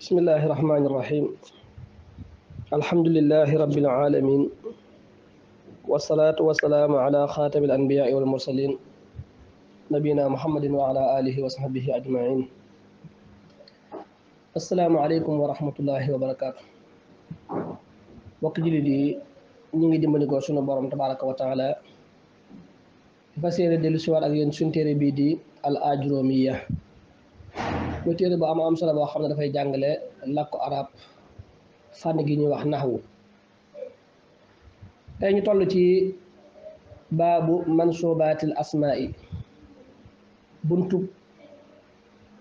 بسم الله الرحمن الرحيم الحمد لله رب العالمين والصلاة والسلام على خاتم الأنبياء والمرسلين نبينا محمد وعلى آله وصحبه أجمعين السلام عليكم ورحمة الله وبركاته وقت جلدي نيجي دي مني dimbandikoo بارم تبارك وتعالى wa دي fas أذين dellu siwaat ak muy téere bu am am solo boo xam ne dafay jàngale làkku arab fànn gi ñuy wax naxwu tey ñu toll ci baabu mansubaatil asmaa'i buntu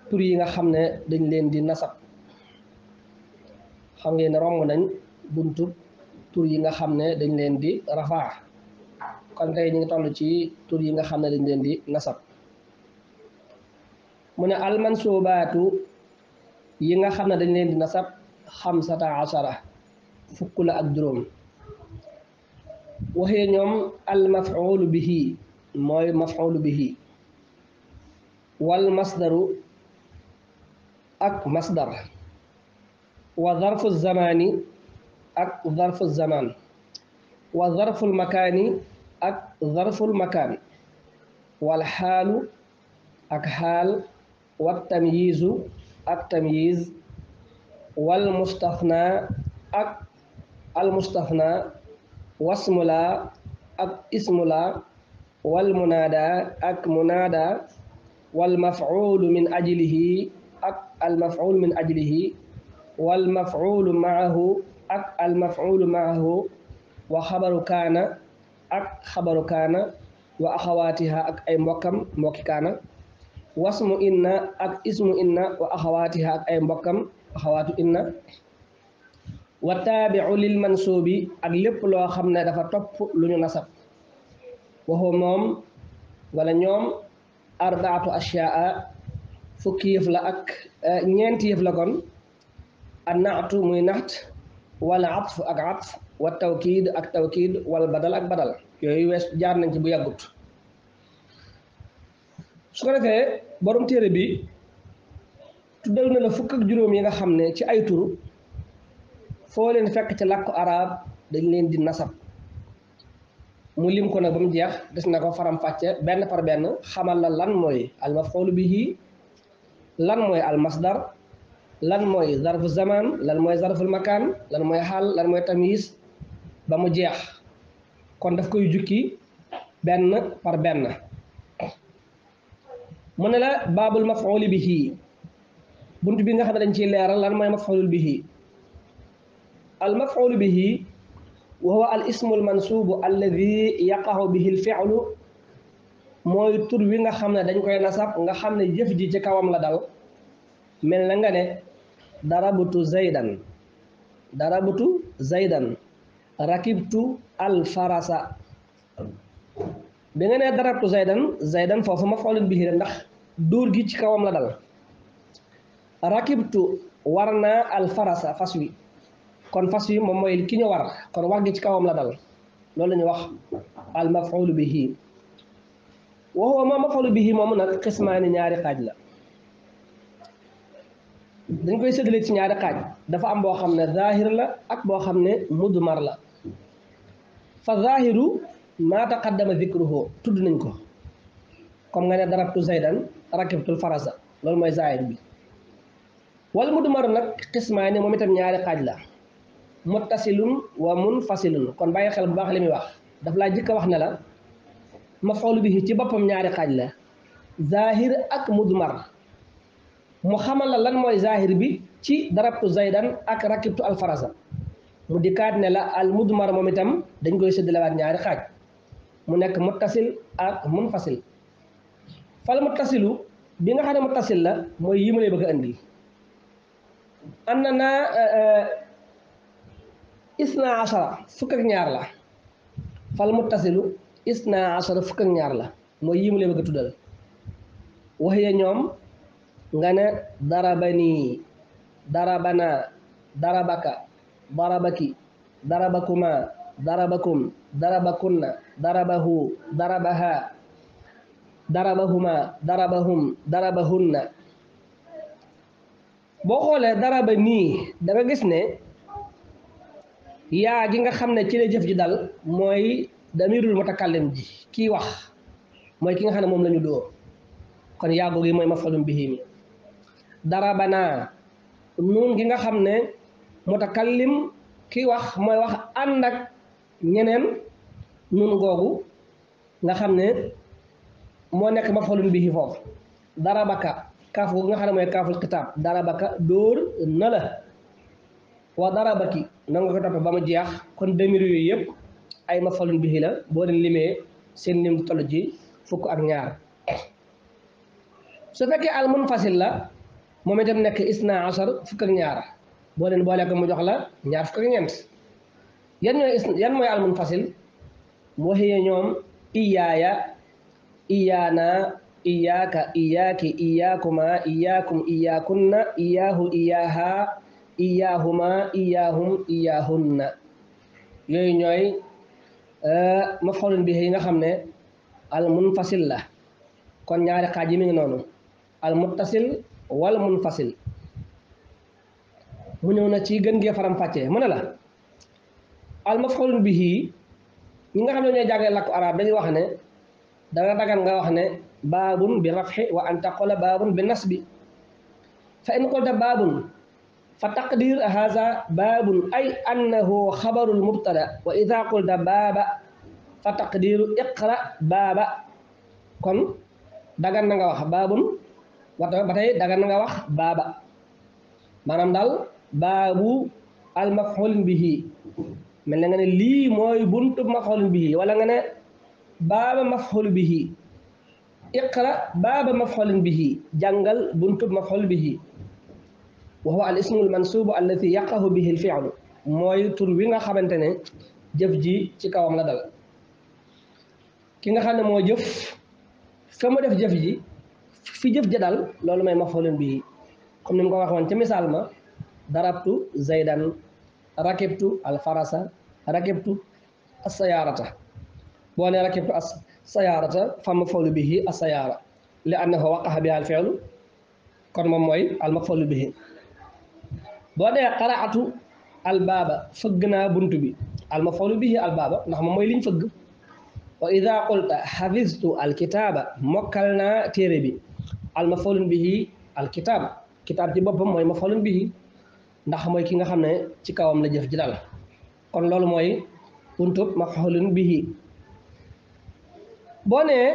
tur yi nga xam ne dañ leen di nasab xam ngeen ne romb nañ buntu tur yi nga xam ne dañ leen di rafaa kon tey ñu ngi toll ci tur yi nga xam ne dañ leen di nasab من ألمان سوباتو ينغا خمنا دنين نصب خمسة عشرة فكلا أدروم وهي نوم المفعول به ماي مفعول به والمصدر أك مصدر وظرف الزمان أك ظرف الزمان وظرف المكان أك ظرف المكان والحال أك حال والتمييز التمييز والمستثنى أك المستثنى واسم لا أك اسم لا والمنادى أك منادى والمفعول من أجله أك المفعول من أجله والمفعول معه أك المفعول معه وخبر كان أك خبر كان وأخواتها أك أي موكم موكي كان واسم إنا أك اسم إنا وأخواتها أك أي مبكم أخوات إنا وتابع للمنصوب أك لب لو خمنا دفع طب لن نصب وهو موم ولا نيوم أربعة أشياء فكيف لأك آه، نينتيف لكم النعت مينات والعطف أك عطف والتوكيد أك توكيد والبدل أك بدل يويس جارنا نجيب يقود su ko defee borom téere bi tuddal na la fukk ak juróom yi nga xam ne ci aytur foo leen fekk ci làkku arab dañ leen di nasab mu lim ko nag ba mu jeex des na ko faram-fàcce benn par benn xamal la lan mooy al lan mooy al masdar lan mooy zarfu zaman lan mooy zarful makaan lan mooy xal lan mooy tamis ba mu jeex kon daf koy jukki benn par benn mu ne la baabul bi bihi bunt bi nga xam ne dañ ciy leeral lan mooy mafuulu bihi al mafuulu bihi wa huwa al ismu al mansuubu alladi yaqahu bihi al fi'lu mooy tur wi nga xam ne dañ koy nasab nga xam ne jëf ji ci kawam la dal mel na nga ne darabtu zaydan darabtu zaydan rakibtu alfarasa bi nga ne darabtu zaydan zaydan foofu maf'ulun bihi ndax dóor gi ci kawam la dal rakibtu war naa alfarasa fas wi kon fas wi moom mooy ki ñu war kon war gi ci kawam la dal loolu la ñuy wax al mafulu bihi wa huwa ma mafulu bihi moomu nag xismaani ñaari xaaj la dañ koy séddale ci ñaari xaaj dafa am boo xam ne zaahir la ak boo xam ne mudmar la fa zaahiru maa taqaddama dikruhu tudd nañ ko kom nga ne darabtu zaydan rakibtul farasa loolu mooy zaahir bi wal mudmaru nag xismaa ni moom itam ñaari xaaj la muttasilun wa munfasilun kon bàyyi xel bu baax la muy wax daf laa jëkk a wax ne la mafoolu bi ci boppam ñaari xaaj la zaahir ak mudmar mu xamal la lan mooy zaahir bi ci darabtu zaydan ak rakibtu alfarasa mu dikkaat ne la al mudmar moom itam dañ koy séddalewaat ñaari xaaj mu nekk muttasil ak fal mu tasilu bi nga xam ne mu tasil la mooy yi ma lay bëgg a am na naa isna asara fukk ak ñaar la fal mu tasilu isna asara fukk ñaar la mooy yi ma lay bëgg a tuddal wax ya ñoom nga ne darabani darabana darabaka darabaki darabakuma darabakum darabakunna darabahu darabaha dara darabahuma darabahum na boo xoolee dara ba nii da gis ne yaa gi nga xam ne ci la jëf ji dal mooy damirul mutakallim ji kii wax mooy ki nga xam ne moom la ñu dóor kon yaa googu mooy mafalum bihi mi darabana nuun gi nga xam ne mutakallim kii wax mooy wax ànd ak ñeneen nuun googu nga xam ne mo nek mafhulun bihi fof darabaka kaf googu nga xam moy kaful kitab darabaka dur nala wa darabaki nang ko top bama jeex kon demir yoy yëpp ay mafhulun bihi la bo len limé sen nim toll ji fuk ak ñaar su fekke al munfasil la momi dem nek isna asar fuk ak ñaar bo len boolee ko mu jox la ñaar fuk ak ñent yan ñooy yan moy al munfasil mo heye ñom iyaya iyaana iyaaka iyaaki iyaakuma iyaakum iyaakunna iyaahu iyaaha iyaahuma iyaahum iyaahunna yooyu ñooy euh, maf'ulun bihi yi nga xam ne al munfasil la kon ñaari xaaj yi mi noonu al muttasil wal munfasil mu ñëw na ci gën gee faram fàccee mu ne la al maf'ulun bihi ñi nga xam ne ñooy jàngee làkku arab dañuy wax ne dana dagan nga wax ne baabun bi rafxi wa an taqola baabun bi nasbi fa in qulta baabun fa taqdir haza baabun ay annahu xabaru lmubtada wa ida qulta baaba fa taqdiru iqra baaba kon dagan na nga wax baabun wata ba tey wax baaba maanaam daal baabu al mafxulin bihi mel na nga ne lii mooy buntu mafxulin bihi wala nga ne باب مفعول به اقرأ باب مفعول به جنجل بنت مفعول به وهو الاسم المنسوب الذي يقع به الفعل mooy tur wi nga xamante ne jëf ji ci kawam la dal ki nga xam ne moo jëf fa mu def jëf ji fi jëf ja dal loolu may maf'ulun bihi comme ni mu ko waxoon ca misaal ma darabtu zaydan rakibtu alfarasa rakibtu assayaarata boo nee rakibtu as sayaarata fa maf'uulu bihi as sayaara li annahu waqa'a bihaa al fi'lu kon moom mooy al maf'uulu bihi boo nee atu al baaba fëgg naa bunt bi al maf'uulu bihi al baaba ndax moom mooy liñ fëgg wa idaa qulta xafiztu al kitaaba mokkal naa téere bi al maf'uulu bihi al kitaab kitaab ci boppam mooy maf'uulu bihi ndax mooy ki nga xam ne ci kawam la jëf ji dal kon loolu mooy buntub maf'uulun bihi boo nee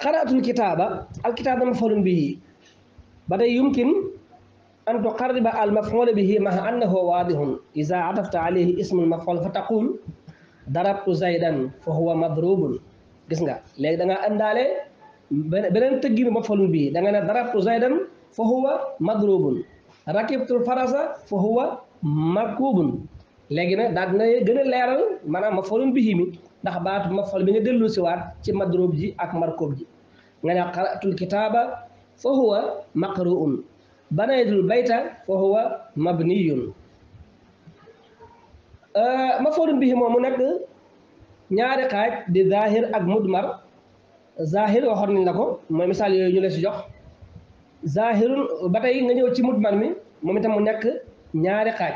qara'atul kitaaba alkitaaba maf'ulun bihi ba tey yumkin أن تقرب المفعول به مع أنه واضح إذا عطفت عليه اسم المفعول فتقول ضربت زيدا فهو مضروب gis nga léegi da nga àndaale beneen tëggi bi maf'ulun bihi da nga ne darabtu zaydan fa huwa madrubun rakibtul farasa fa huwa markubun léegi nag daal dina gën a leeral maanaam maf'ulun bihi mi ndax baatu mafal bi nga dellu si waat ci madroob ji ak markoob ji nga ne qara'tul kitaaba fa huwa maqru'un banaytul bayta fa huwa mabniyun euh, mafoolun bihi moom mu nekk ñaari xaaj di zahir ak mudmar zahir waxoon nañ la ko mooy misaal yooyu ñu la si jox zahirun ba tey nga ñëw ci mudmar mi moom itam mu nekk ñaari xaaj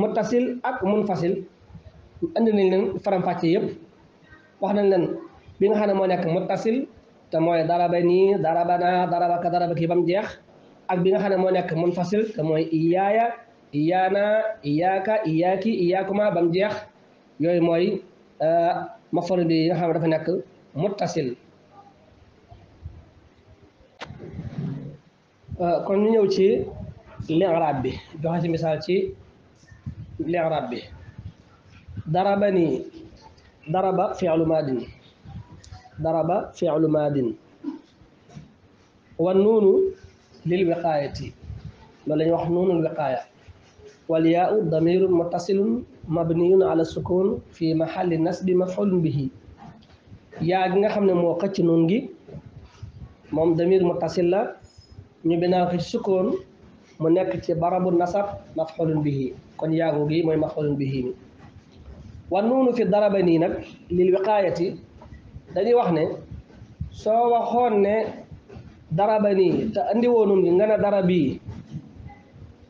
muttasil ak munfasil andi nañ leen faram-fàcce yëpp wax nañ leen bi nga xam ne moo nekk muttasil te mooy daraba nii daraba naa daraba ka daraba kii ba mu jeex ak bi nga xam ne moo nekk munfasil te mooy iyaaya iyaana iyaaka iyaaki iyaakuma ba mu jeex yooyu mooy euh, mafoor bi nga xam dafa nekk muttasil euh, kon ñu ñëw ci li'raab bi joxe ci misaal ci bi ضربني ضرب فعل ماد ضرب فعل ماد والنون للوقاية ما لا نون الوقاية والياء ضمير متصل مبني على السكون في محل النصب مفعول به يا غيغا خامني مو خاتي نون ضمير متصل لا في السكون مو نيك تي برب النصب مفعول به كون يا غوغي مفعول به والنون في الضرب نينك للوقاية داني واخني سو واخون ني ضرب ني تا اندي وونون ني غنا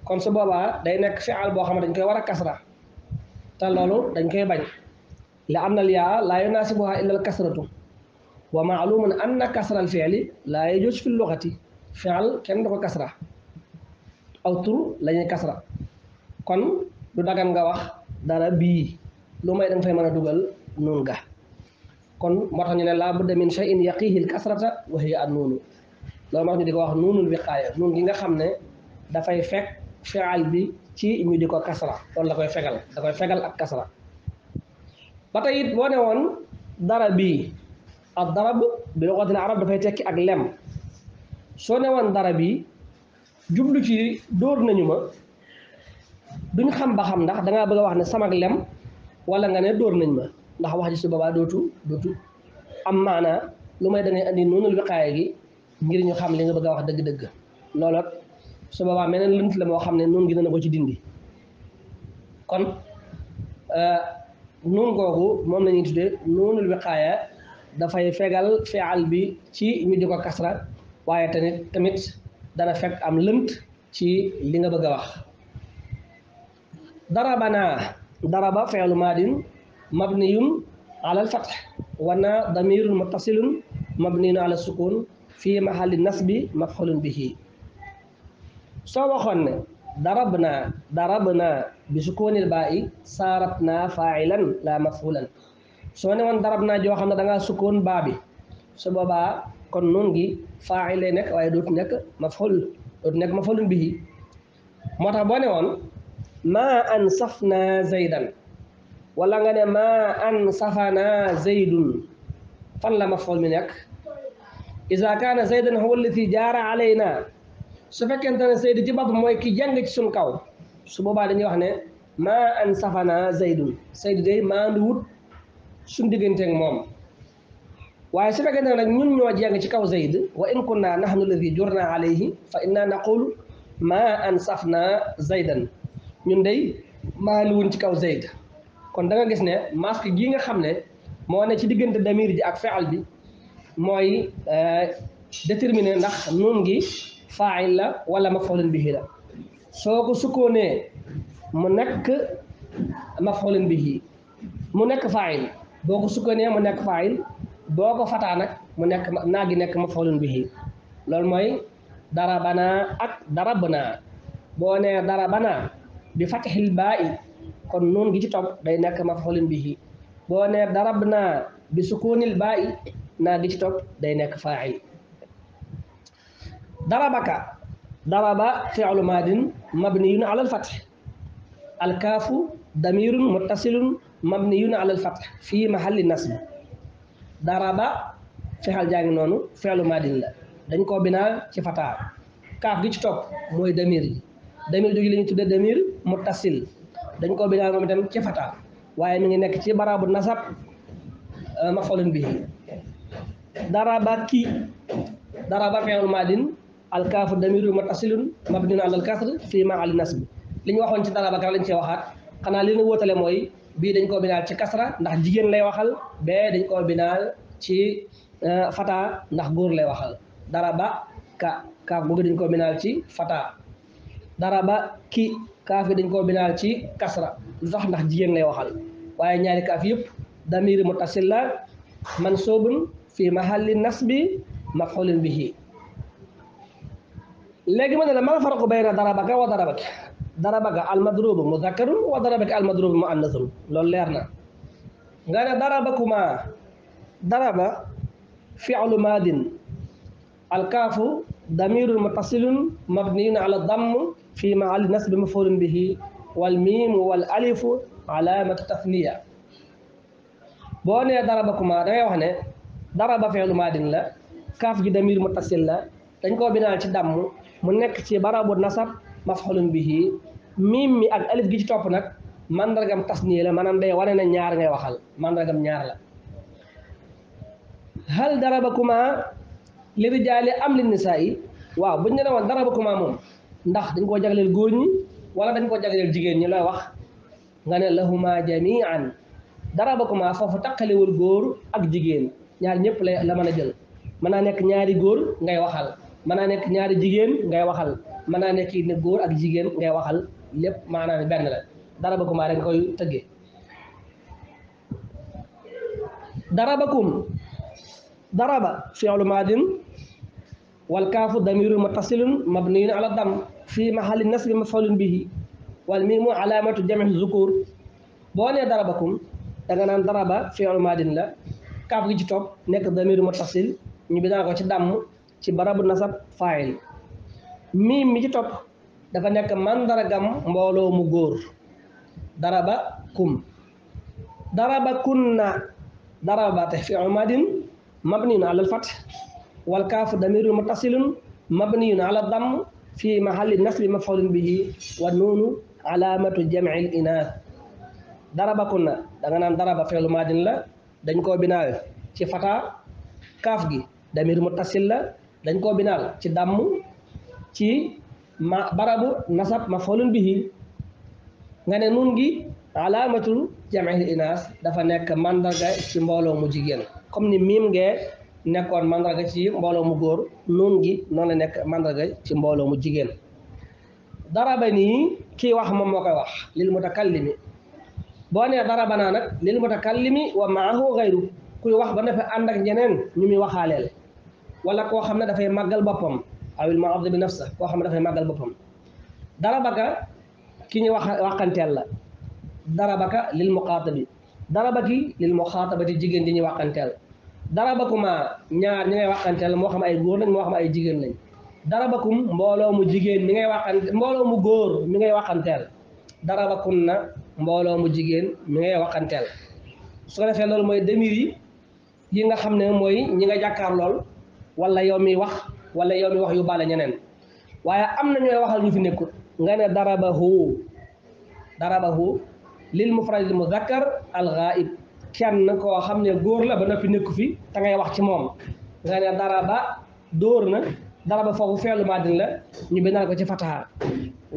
كون سو بابا داي نيك فعل بو خامتاني كاي ورا كسرة تا لولو داني كاي باج لان الياء لا يناسبها الا الكسرة ومعلوم ان كسر الفعل لا يجوز في اللغة فعل كان دوكو كسرة او تر لا ني كسرة كون دو داغان غا واخ ضربي lu may da nga fay mën a dugal nuun ga kon moo ñu ne laa budda min shay'in yaqiihil kasrata wa hiya an nuunu loolu moo tax ñu ko wax nuunul wiqaaya nuun gi nga xam ne dafay fekk fi'al bi ci ñu di ko kasra loolu la koy fegal da fegal ak kasra ba tey it boo ne woon dara bi ak darab bi lugatil arab dafay tekki ak lem soo ne woon dara bii jublu ci dóor nañu ma duñ xam ba xam ndax dangaa bëgg wax ne sama lem wala nga ne dóor nañ ma ndax wax ji su boobaa dootu dootu am maanaa lu may dangay andi noonul wiqaaya gi ngir ñu xam li nga bëgg a wax dëgg-dëgg loolu su boobaa meneen lënt la moo xam ne noonu gi dana ko ci dindi kon euh, noonu googu moom la ñuy tuddee noonul wiqaaya dafay fegal fi'al bi ci ñu di ko kasra waaye tamit tamit dana fekk am lënt ci li nga bëgg a wax darabana daraba fi'lu maadin mabniyun ala al-fath wana damirun muttasilun mabniyun ala fi mahalli nasbi maf'ulun bihi soo waxoon ne darab naa darab naa bi sukuunil baa'i saarat naa faa'ilan laa maf'ulan soo ne woon darab naa joo xam ne da ngaa baa bi su boobaa kon nun gi faa'il lay nekk waaye dootu nekk maf'ul dootu nekk maf'ulun bihi moo tax boo woon ما أنصفنا زيدا ولا غاني ما أنصفنا زيد فلا مفعول منك إذا كان زيدا هو الذي جار علينا سفك أنت سيد جباب موي كي جانغ سي سون كاو سوبا دا ني ما أنصفنا زيد سيد دي ما نوت سون ديغنتك موم waye su fekkene nak ñun ñoo jeng ci kaw zaid wa in kunna nahnu alladhi jurna ñun dey maali wuñ ci kaw zayd kon da gis ne masque gi nga xam ne moo ne ci diggante damir ji ak faal bi mooy euh, déterminer ndax nun gi fail la wala mafulun bihi la soo ko sukkoonee mu nekk bi bihi mu nekk fail boo ko sukkoonee mu nekk fail boo ko fataa nag mu nekk naa gi nekk ma bi bihi loolu mooy dara darabanaa ak darabnaa boo ne dara banaa bi fatihil baa'i kon noon gi ci topp day nekk maf'ulun bihi boo ne darabnaa bi sukuunil baa'i naa gi ci topp day nekk faa'il darabaka daraba fi'lu maadin mabniyun ala al-fath al-kaafu damirun muttasilun mabniyun ala al-fath fi mahalli nasb daraba fexal jaa ngi noonu fi'lu maadin la dañ koo binaa ci fataa kaaf gi ci topp mooy damir yi damir jooju la ñuy tudde damir muttasil dañ koo binaal moom itam ci fata waaye mi ngi nekk ci baraabu nasab bi euh, bihi ba ki daraba fi'lun maadin alkaafu damiru muttasilun mabniun alal kasr fii maali nasb li ñu waxoon ci daraba kan lañ cee waxaat xanaa li ñu wóotale mooy bii dañ koo binaal ci kastra ndax jigéen lay waxal bee dañ koo binaal ci euh, fata ndax góor lay waxal daraba ka ka googu dañ koo binaal ci fata daraba ki kaaf dañ ko binaal ci kasra lu ndax jigen lay waxal waye ñaari kaf yep damir mutasil la mansuubun fi mahalli nasbi maf'ulun bihi legi ma la ma farq bayna daraba ka wa daraba daraba ka al madrub mudhakkar wa daraba darabaki almadrubu muannasun loolu leer na nga na daraba kuma daraba fi'lu madin al kafu damirun mutasilun mabniyun ala damm fi maali nasbi mafulun bihi wal miimu wal alifu alaamatu tasniya boo nee darabakuma dangay wax ne daraba feelu maadin la kaf gi damir mutasil la dañ koo binaal ci damm mu nekk ci barabu nasab mafulun bihi miim mi ak alif gi ci topp nag mandargam tasniya la maanaam day wane ne ñaar ngay waxal mandargam ñaar la hal darabakuma Lebih rijaali am li nisaa yi waaw buñ ne la woon dara ba kuma moom ndax dañ ko jagalel goor ñi wala dañ ko jagalel jigeen ñi lay wax nga ne lahuma jamian dara ma fofu takale wul goor ak jigeen ñaar ñepp la la mën jël mëna nek ñaari goor ngay waxal mëna nek ñaari jigeen ngay waxal mëna nek ni goor ak jigeen ngay waxal lépp maanaam ben la dara ko ma rek koy daraba kum daraba fi'lu madin wal kaafu damiru mutasilun mabniyun ala dam fi mahali nasbi maf'ulun bihi wal miimu alaamatu jam'i zukur boo nee darabakum da nga naan daraba fi'lu maadin la kaaf gi ci topp nekk damiru mutasil ñu bi ko ci damm ci barabu nasab faayil miim mi ci topp dafa nekk dara mandargam mbooloo mu góor daraba kum daraba kunna daraba te fi'lu maadin mabniyun ala al wal kaafu damirun muttasilun mabniyun ala dam fi mahalli nasbi maf'ulun bihi wa nuunu alamatu jam'il inath daraba kunna da nga nan daraba fi'lu madin la dañ ko binaal ci fata kaf gi damir muttasil la dañ ko binal ci dam ci ma barabu nasab maf'ulun bihi nga ne nun gi alamatu jam'il inas dafa nek mandarga ci mbolo mu jigen comme ni mim ngee nekkoon mandarga ci mbooloo mu góor nuun gi noonu la nekk mandarga ci mbooloo mu jigéen daraba nii kii wax moom moo koy wax lil mutakallimi boo nee daraba naa nag lil mutakallimi wa maahu gayru kuy wax ba dafa ànd ak ñeneen ñu muy waxaaleel walla koo xam ne dafay màggal boppam awil maabda bi nafsa koo xam ne dafay màggal boppam daraba ka ki ñu wax waxanteel la dara daraba ka lil muqaatabi daraba ki lil muqaatabati jigéen di ñuy waxanteel bakuma ñaar ñi ngay waxantel mo xam ay goor lañ mo xam ay jigéen lañ bakum mbolo mu jigéen mi ngay waxantel mbolo mu goor mi ngay na mbolo mu jigéen mi ngay waxantel su ko defé loolu moy demir yi yi nga xamne moy ñi nga jàkkaar lool wala yow mi wax wala yow mi wax yu bala ñeneen amna ñoy waxal ñu fi nekkul nga ne darabahu darabahu lil mufrad al muzakkar al ghaib kenn koo xam ne góor la ba noppi nekk fi te ngay wax ci moom nga ne dara ba dóor na dara ba foofu feelu maadin la ñu bennaan ko ci fataha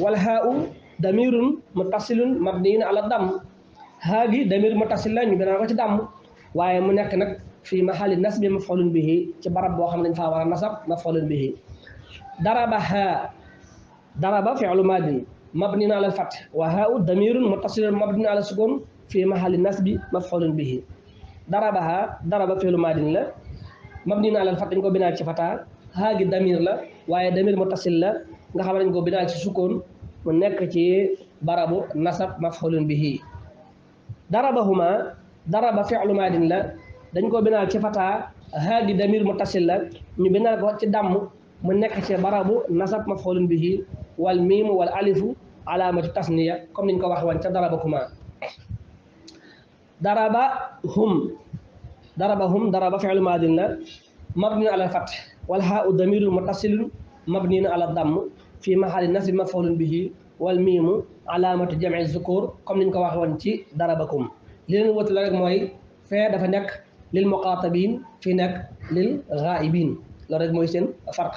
wal haa'u damirun muttasilun mabniyun ala dam haa gi damir muttasil la ñu bennaan ci dam waaye mu nekk nag fii mahali nasbi maf'ulun bihi ci barab boo xam ne dañ faa war a nasab maf'ulun dara daraba haa daraba fi'lu maadin mabniyun ala al fath wa haa'u damirun muttasilun mabniyun ala sukun في محل نصب مفعول به ضربها ضرب فعل ماد لا مبني على الفتح نكو بناء ci fata haagi damir la waaye damir muttasil la nga xam nañ ko binaal ci sukkoon mu nekk ci barabu nasab mafxulun bihi darabahuma daraba fi'lu maadin la dañ ko binaal ci fata haagi damir muttasil la ñu binaal ko ci damm mu nekk ci barabu nasab mafxulun bihi wal miimu wal alifu alaamatu tasniya comme niñ ko wax woon ca darabakuma ضرب هم ضرب هم ضرب فعل ماض مبني على الفتح والهاء ضمير متصل مبني على الضم في محل نصب مفعول به والميم علامة جمع الذكور comme niñ ko waxee woon ci darabakum li leen wut la rek mooy fee dafa nekk lil muqaatabin fi nekk lil ghaibin loolu rek mooy seen farq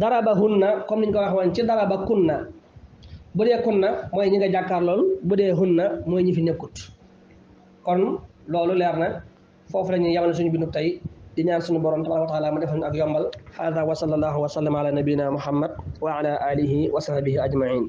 darabahunna comme niñ ko waxee woon ci darabakunna bu dee kunna mooy ñi nga jàkkaar lool bu dee hunna mooy ñi fi nekkut kon loolu leer na foofu la ñuy yemale suñu bindu tey di ñaan suñu borom tabaraka wa taala mu defal ñu ak yombal hada wa sallallahu wa sallama ala nabina muhammad wa ala alihi wa sahbihi ajmain